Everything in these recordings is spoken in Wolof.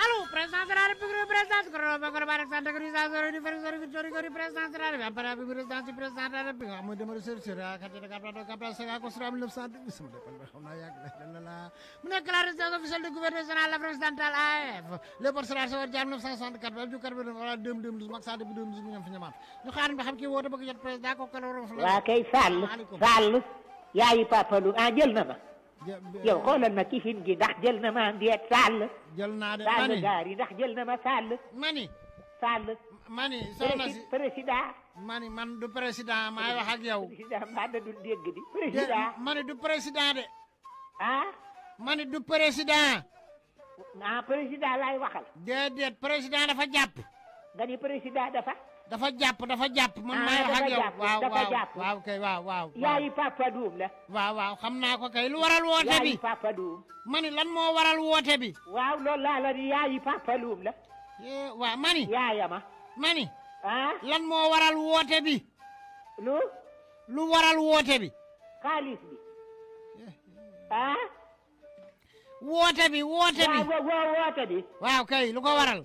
halo prestasi dari pengguna prestasi kerobak kerobak Alexander Krista sore di versi kecuali kori prestasi dari apa dari prestasi prestasi dari pengguna muda merusir sura kaca dekat pada kapal saya aku sudah menulis saat itu semula pada nayak lalala meneklarasi satu official di gubernur senala prestasi live lepor serah sore jam enam saya sangat dekat baju karbon orang dum dum semak saat dum dum semuanya penyemat nukan bahkan kiwar bekerja prestasi kok kalau orang lakai salus salus yaayi papa lu ah jël na ma. yow xoolal ma kifin gi ndax jël na ma ndeet Sall. jël naa de mani yi ndax jël na ma Sall. mani. Sall. mani soxna si président. mani man du président maay wax ak yow. président maa da dul dégg di. président mani du président de. ah. mani du président. ah président laay waxal. déedéet président dafa jàpp. nga ni président dafa. ดาฟยับดาฟยับมันมาฮักยับว้าวว้าวว้าวใครว้าวว้าวยายฟักฟดูมเลยว้าวว้าวคำนาเขาใครลวรลวเทบียายฟักฟดูมมันนี่ลันโมวรลวเทบีว้าวลลาลียายฟักฟดูมเลยเอว้ามันนี่ยายมะมันนี่อ๋อลันโมวรลวเทบีลูลูวรลวเทบีคาลิสบีอ๋อวัวเทบีวัวเทบีว้าวว้าวว้าวเทบีว้าวใครลูกาววรล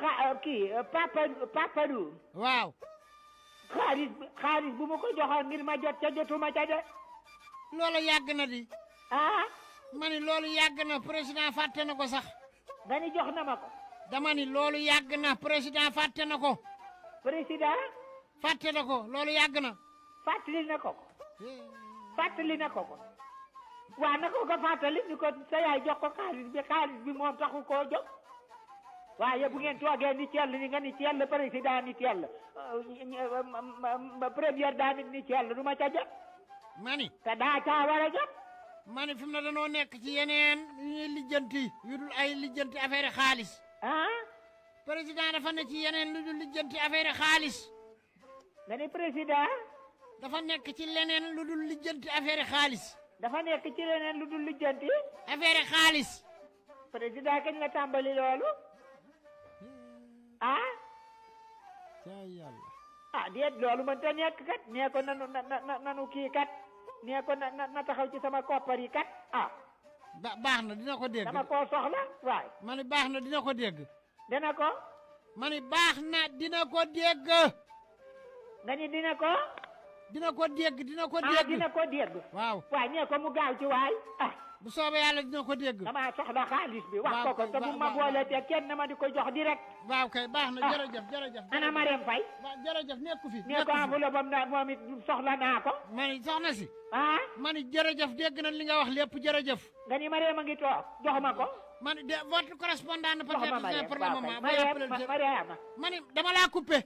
xa euh, kii euh, papa papa du. waaw. xaalis xaalis bu ma ko joxoon ngir ma jot ca jotuma ca de. loolu yàgg na di. ah. ma loolu yàgg na président fàtte na ko sax. nga ni jox na ma ko. dama ni loolu yàgg na président fàtte na ko. président. fàtte na ko loolu yàgg na. fàttali na ko ko. fàttali na ko ko. waa na ko ko fàttali ni ko sa jox ko xaalis bi xaalis bi moom taxu koo jox. waaye ya bu ngeen toogee ni cell ni nga kan ni cell président ni cell premier dame ni cell du eh, eh, ma ca jot mani te daa caa war a jot mani fi mu ne danoo nekk ci yeneen yu ñuy lijjanti yu dul ay lijjanti affaire xaalis ah président dafa ne ci yeneen lu dul lijjanti affaire xaalis nga ne président dafa nekk ci leneen lu dul lijjanti affaire xaalis dafa nekk ci leneen lu dul lijjanti affaire xaalis président kañ la tàmbali loolu ah. caa yàlla. ah déet loolu man te nekk kat nee ko nanu na nanu kii kat nee ko na na taxaw ci sama koppar yi kat ah. ba baax na dina ko dégg. dama koo soxla waay. baax na dina ko dégg. dina ko. ma baax na dina ko dégg. nga ni dina ko. dina ko dégg dina ko ah, dégg dina waaw waaye nee ko mu gaaw ci waay ah bu soobee yàlla dina ko dégg damaa soxla xaalis bi wax ko ko te bu ma boole te kenn ma di ko jox direct waaw kay baax na ah. jërëjëf jërëjëf ana Marème Faye waaw jërëjëf nekku fi nee ko enveloppe bam naa moom it soxla naa ko ma ni si ah ma ni jërëjëf dégg na li nga wax lépp jërëjëf nga ni Marème a ngi to jox ma ko ma ni de votre correspondant peut-être pour le moment dama laa coupé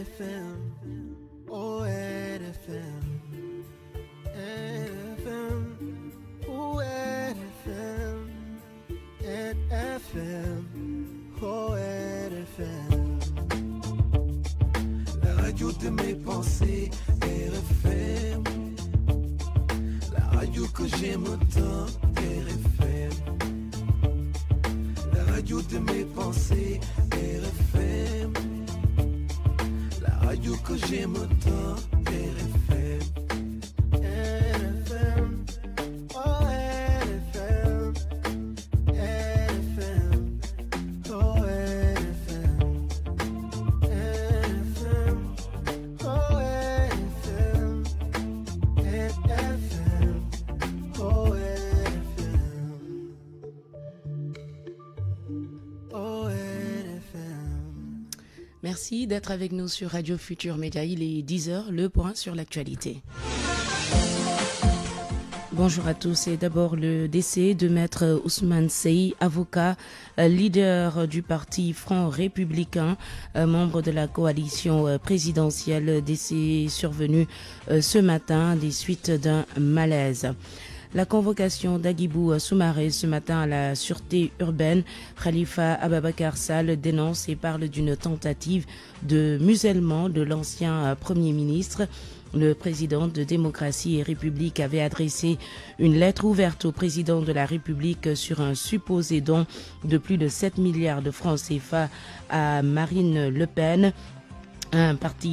FM, oh, oh, oh, La radio de mes pensées, RFM. La radio que j'aime tant, RFM. La radio de mes pensées, RFM radio que j'aime tant, père Merci d'être avec nous sur Radio Future Média. Il est 10h, le point sur l'actualité. Bonjour à tous. Et d'abord le décès de maître Ousmane Sey, avocat, euh, leader du parti Front Républicain, euh, membre de la coalition euh, présidentielle, décès survenu ce matin des suites d'un malaise la convocation d'Agibou Soumaré ce matin à la sûreté urbaine. Khalifa Ababakar Sal dénonce et parle d'une tentative de musellement de l'ancien Premier ministre. Le président de Démocratie et République avait adressé une lettre ouverte au président de la République sur un supposé don de plus de 7 milliards de francs CFA à Marine Le Pen, un parti